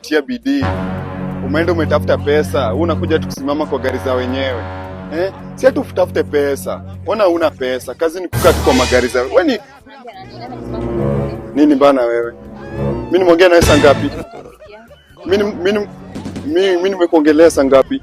umetia bidii, umeenda umetafuta pesa, unakuja tukusimama kwa gari za wenyewe eh? Si ati utafute pesa, ona una pesa, kazi ni kukaa tu kwa magari za Ni nini bana wewe. Mimi nimeongea nawe saa ngapi? Mimi nimekuongelea saa ngapi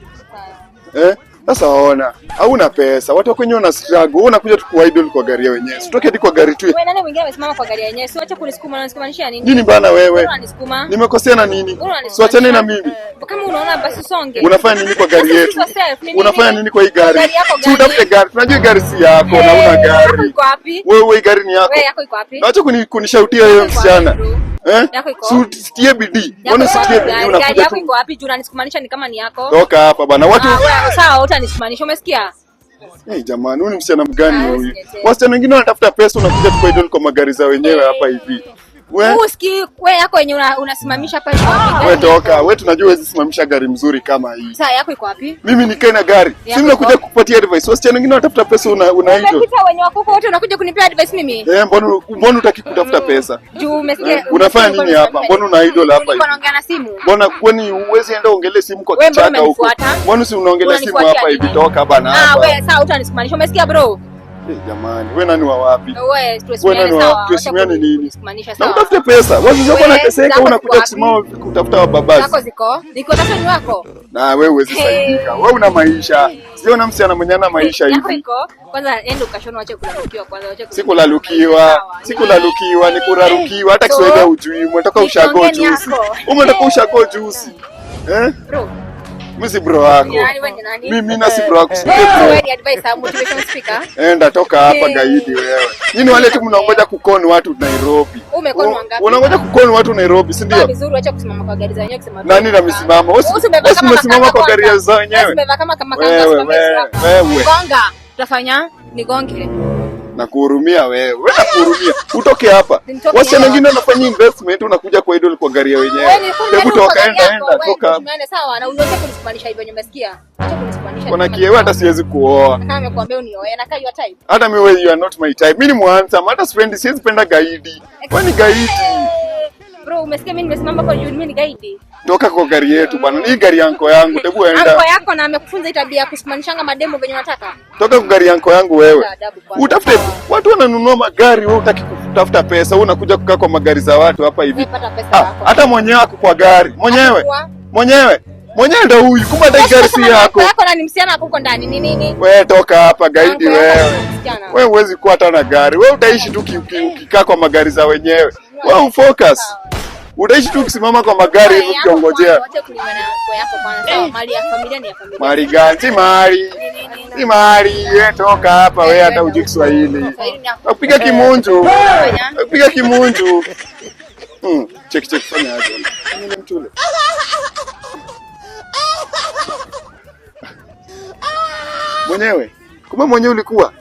eh? Sasa waona, hauna pesa, watu wako wenyewe wana struggle. Wewe unakuja tu kwa idol kwa gari ya wenyewe. Sitoke hadi kwa gari tu. Wewe nani mwingine amesimama kwa gari ya wenyewe? Si acha kunisukuma, unanisukuma nini? Nini bana wewe? Unanisukuma. Nimekosea na nini? Siwachane na mimi. Eh. Kama unaona basi songe. Unafanya nini kwa gari yetu? Unafanya nini kwa hii gari? Si utafute gari. Tunajua gari si yako na eh, una gari. Wewe hii gari ni yako. Wewe yako iko wapi? Acha kunishautia wewe msichana. Eh? Yako iko. Usitie bidii. Mbona usitie bidii unakuja tu. Yako iko wapi? Juu unanisikumanisha ni kama ni yako. Toka hapa bwana. Ah, Watu sawa, utanisikumanisha. Umesikia? Hey, jamani, huyu ni msichana mgani ah, huyu? Wasichana wengine wanatafuta pesa, unakuja tu kwa magari za wenyewe eh, hapa hivi yako yenye unasimamisha pale. Wewe toka, wewe tunajua wezi simamisha gari mzuri kama hii. Sasa yako iko wapi? Mimi nikae na gari. Si mnakuja kukupatia advice. Wasichana wengine wanatafuta pesa una una hiyo. Unapita wenye wako wote unakuja kunipea advice mimi? Eh, mbona mbona utaki kutafuta mm. pesa? Juu umesikia. Eh, unafanya nini hapa? Mbona una idol hapa hivi? Unaongea na simu. Mbona kwani uwezi enda ongelee simu kwa kichaka huko? Mbona si unaongelea simu hapa hivi toka bana ah, hapa. Ah, wewe sasa utanisikumanisha. Umesikia bro? Eh, jamani, wewe nani wa wapi? Eh, Unatafuta pesa unateseka, unakuja kusimama kutafuta wababazi. Na wewe huwezi saidika, wewe una maisha, siona msichana mwenye ana maisha hivi. Sikulalukiwa, sikulalukiwa, nikurarukiwa. Hata Kiswahili hujui, unataka ushago juzi, unataka ushago juzi. Eh? Bro mimi si bro wako mimi na si eh. bro wako enda eh, eh, toka hapa gaidi wewe. Nini wale tu mnaongoja kukoni watu Nairobi. Unaongoja kukoni watu Nairobi, si ndio? Nani na misimamo? Wewe umesimama kwa gari za wenyewe. Wewe wewe. Tutafanya nigonge. kuhurumia wewe, na kuhurumia Utoke hapa. Wacha wengine wanafanya investment, unakuja kwa idol kwa gari ya wenyewe. Hebu toka, enda enda, toka. Sawa, na unaweza kunisimamisha hivyo nimesikia. Kuna kiewe hata siwezi kuoa. Nimekwambia unioe, na kai your type. Hata mimi you are not my type. Mimi ni mwanza, hata sipendi, siwezi penda gaidi. Kwani gaidi? Bro, umesikia mimi nimesimama kwa you, mimi ni gaidi. Toka kwa gari yetu bwana. ni gari yanko yangu hebu enda. Yanko yako na amekufunza tabia ya kusimanishanga mademo venye unataka. Toka kwa gari yanko yangu wewe. Utafute watu wananunua magari wewe utaki kutafuta pesa. Wewe unakuja kukaa kwa magari za watu hapa hivi. Hata mwenyewe ako kwa gari. Mwenyewe. Mwenyewe. Mwenyewe ndio huyu. Kumbe hata gari si yako. Yako na ni msichana hapo ndani. Ni nini? Wewe toka hapa gaidi wewe. Wewe huwezi kuwa hata na gari. Wewe utaishi tu ukikaa kwa magari za wenyewe. Wewe ufocus. Utaishi tu ukisimama kwa magari hivi ukiongojea. Eh. Mali gani? Si mali. Si mali. Toka hapa wewe, hata ujui Kiswahili. Nakupiga kimunju. Eh, Nakupiga kimunju. Mm, check, cheki fanya hapo. Mimi ni mtule. Mwenyewe. Kumbe mwenyewe ulikuwa.